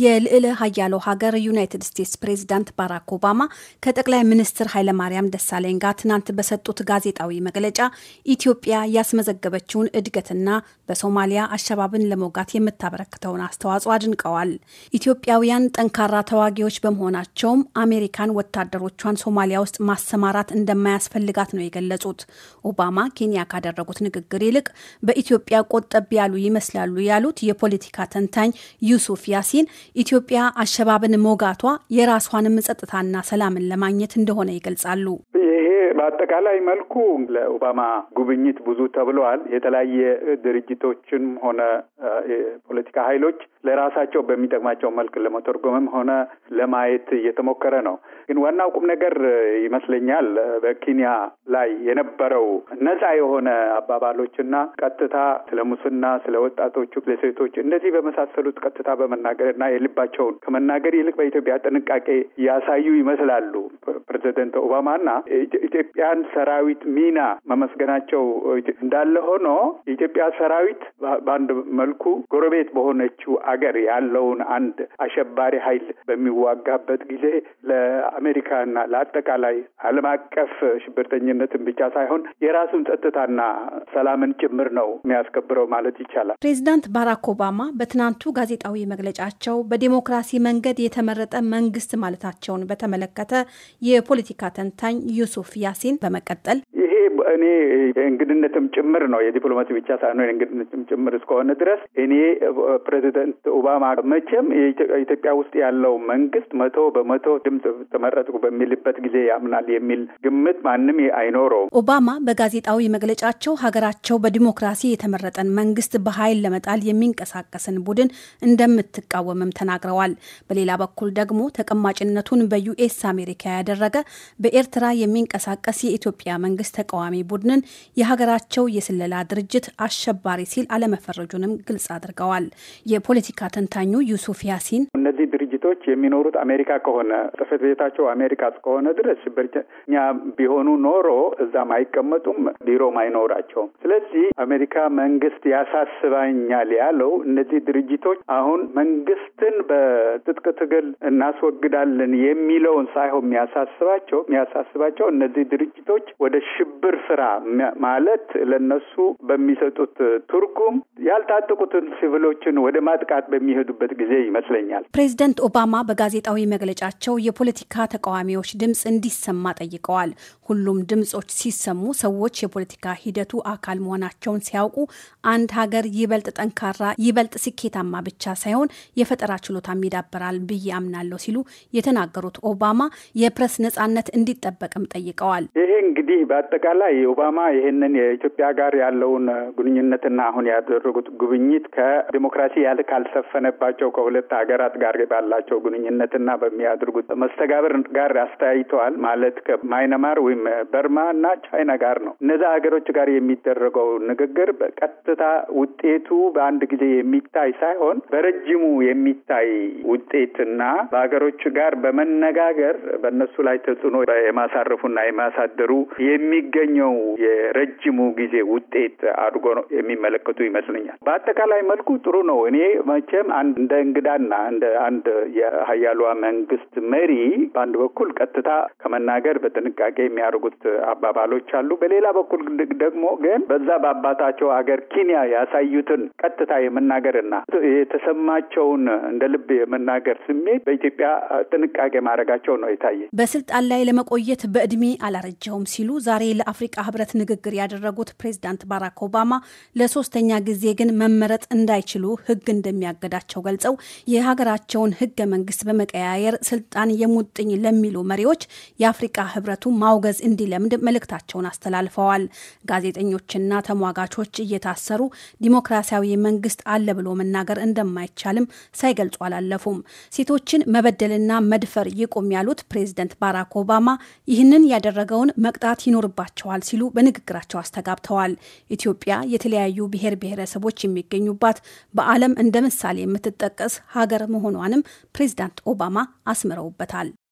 የልዕለ ሀያለው ሀገር ዩናይትድ ስቴትስ ፕሬዚዳንት ባራክ ኦባማ ከጠቅላይ ሚኒስትር ኃይለማርያም ደሳለኝ ጋር ትናንት በሰጡት ጋዜጣዊ መግለጫ ኢትዮጵያ ያስመዘገበችውን እድገትና በሶማሊያ አሸባብን ለመውጋት የምታበረክተውን አስተዋጽኦ አድንቀዋል። ኢትዮጵያውያን ጠንካራ ተዋጊዎች በመሆናቸውም አሜሪካን ወታደሮቿን ሶማሊያ ውስጥ ማሰማራት እንደማያስፈልጋት ነው የገለጹት። ኦባማ ኬንያ ካደረጉት ንግግር ይልቅ በኢትዮጵያ ቆጠብ ያሉ ይመስላሉ ያሉት የፖለቲካ ተንታኝ ዩሱፍ ያሲን ኢትዮጵያ አሸባብን ሞጋቷ የራሷንም ጸጥታና ሰላምን ለማግኘት እንደሆነ ይገልጻሉ። በአጠቃላይ መልኩ ለኦባማ ጉብኝት ብዙ ተብለዋል። የተለያየ ድርጅቶችም ሆነ የፖለቲካ ኃይሎች ለራሳቸው በሚጠቅማቸው መልክ ለመተርጎምም ሆነ ለማየት እየተሞከረ ነው። ግን ዋናው ቁም ነገር ይመስለኛል በኬንያ ላይ የነበረው ነፃ የሆነ አባባሎችና ቀጥታ ስለ ሙስና፣ ስለ ወጣቶቹ፣ ስለ ሴቶች እንደዚህ በመሳሰሉት ቀጥታ በመናገርና የልባቸውን ከመናገር ይልቅ በኢትዮጵያ ጥንቃቄ ያሳዩ ይመስላሉ። ፕሬዚደንት ኦባማና ኢትዮጵያን ሰራዊት ሚና መመስገናቸው እንዳለ ሆኖ የኢትዮጵያ ሰራዊት በአንድ መልኩ ጎረቤት በሆነችው አገር ያለውን አንድ አሸባሪ ኃይል በሚዋጋበት ጊዜ ለአሜሪካና ለአጠቃላይ ዓለም አቀፍ ሽብርተኝነትን ብቻ ሳይሆን የራሱን ጸጥታና ሰላምን ጭምር ነው የሚያስከብረው ማለት ይቻላል። ፕሬዚዳንት ባራክ ኦባማ በትናንቱ ጋዜጣዊ መግለጫቸው ፓርቲያቸው በዲሞክራሲ መንገድ የተመረጠ መንግስት ማለታቸውን በተመለከተ የፖለቲካ ተንታኝ ዩሱፍ ያሲን በመቀጠል እኔ እንግድነትም ጭምር ነው የዲፕሎማሲ ብቻ ሳይሆን እንግድነትም ጭምር እስከሆነ ድረስ እኔ ፕሬዚደንት ኦባማ መቼም ኢትዮጵያ ውስጥ ያለው መንግስት መቶ በመቶ ድምፅ ተመረጥኩ በሚልበት ጊዜ ያምናል የሚል ግምት ማንም አይኖረው ኦባማ በጋዜጣዊ መግለጫቸው ሀገራቸው በዲሞክራሲ የተመረጠን መንግስት በኃይል ለመጣል የሚንቀሳቀስን ቡድን እንደምትቃወምም ተናግረዋል። በሌላ በኩል ደግሞ ተቀማጭነቱን በዩኤስ አሜሪካ ያደረገ በኤርትራ የሚንቀሳቀስ የኢትዮጵያ መንግስት ተቃዋሚ ቡድንን የሀገራቸው የስለላ ድርጅት አሸባሪ ሲል አለመፈረጁንም ግልጽ አድርገዋል። የፖለቲካ ተንታኙ ዩሱፍ ያሲን እነዚህ ድርጅቶች የሚኖሩት አሜሪካ ከሆነ ጽሕፈት ቤታቸው አሜሪካ እስከሆነ ድረስ በእኛ ቢሆኑ ኖሮ እዛም አይቀመጡም፣ ቢሮም አይኖራቸውም። ስለዚህ አሜሪካ መንግስት ያሳስባኛል ያለው እነዚህ ድርጅቶች አሁን መንግስትን በትጥቅ ትግል እናስወግዳለን የሚለውን ሳይሆን የሚያሳስባቸው የሚያሳስባቸው እነዚህ ድርጅቶች ወደ ሽብ የሽብር ስራ ማለት ለነሱ በሚሰጡት ትርጉም ያልታጠቁትን ሲቪሎችን ወደ ማጥቃት በሚሄዱበት ጊዜ ይመስለኛል። ፕሬዚደንት ኦባማ በጋዜጣዊ መግለጫቸው የፖለቲካ ተቃዋሚዎች ድምፅ እንዲሰማ ጠይቀዋል። ሁሉም ድምጾች ሲሰሙ ሰዎች የፖለቲካ ሂደቱ አካል መሆናቸውን ሲያውቁ አንድ ሀገር ይበልጥ ጠንካራ፣ ይበልጥ ስኬታማ ብቻ ሳይሆን የፈጠራ ችሎታም ይዳበራል ብዬ አምናለሁ ሲሉ የተናገሩት ኦባማ የፕሬስ ነጻነት እንዲጠበቅም ጠይቀዋል። ይሄ እንግዲህ በአጠቃ በአጠቃላይ ኦባማ ይህንን የኢትዮጵያ ጋር ያለውን ግንኙነትና አሁን ያደረጉት ጉብኝት ከዲሞክራሲ ያል ካልሰፈነባቸው ከሁለት ሀገራት ጋር ባላቸው ግንኙነትና በሚያደርጉት መስተጋብር ጋር አስተያይተዋል። ማለት ከማይነማር ወይም በርማ እና ቻይና ጋር ነው። እነዛ ሀገሮች ጋር የሚደረገው ንግግር በቀጥታ ውጤቱ በአንድ ጊዜ የሚታይ ሳይሆን በረጅሙ የሚታይ ውጤትና በሀገሮች ጋር በመነጋገር በእነሱ ላይ ተጽዕኖ የማሳረፉና የማሳደሩ የሚገ የሚገኘው የረጅሙ ጊዜ ውጤት አድርጎ ነው የሚመለከቱ ይመስለኛል። በአጠቃላይ መልኩ ጥሩ ነው። እኔ መቼም እንደ እንግዳና እንደ አንድ የሀያሏ መንግስት መሪ በአንድ በኩል ቀጥታ ከመናገር በጥንቃቄ የሚያደርጉት አባባሎች አሉ። በሌላ በኩል ደግሞ ግን በዛ በአባታቸው ሀገር ኬንያ ያሳዩትን ቀጥታ የመናገርና የተሰማቸውን እንደ ልብ የመናገር ስሜት በኢትዮጵያ ጥንቃቄ ማድረጋቸው ነው የታየ። በስልጣን ላይ ለመቆየት በእድሜ አላረጀውም ሲሉ ዛሬ ለአፍሪቃ ህብረት ንግግር ያደረጉት ፕሬዚዳንት ባራክ ኦባማ ለሶስተኛ ጊዜ ግን መመረጥ እንዳይችሉ ህግ እንደሚያገዳቸው ገልጸው የሀገራቸውን ህገ መንግስት በመቀያየር ስልጣን የሙጥኝ ለሚሉ መሪዎች የአፍሪቃ ህብረቱ ማውገዝ እንዲለምድ መልእክታቸውን አስተላልፈዋል። ጋዜጠኞችና ተሟጋቾች እየታሰሩ ዲሞክራሲያዊ መንግስት አለ ብሎ መናገር እንደማይቻልም ሳይገልጹ አላለፉም። ሴቶችን መበደልና መድፈር ይቁም ያሉት ፕሬዚደንት ባራክ ኦባማ ይህንን ያደረገውን መቅጣት ይኖርባቸው ይኖራቸዋል ሲሉ በንግግራቸው አስተጋብተዋል። ኢትዮጵያ የተለያዩ ብሔር ብሔረሰቦች የሚገኙባት በዓለም እንደ ምሳሌ የምትጠቀስ ሀገር መሆኗንም ፕሬዚዳንት ኦባማ አስምረውበታል።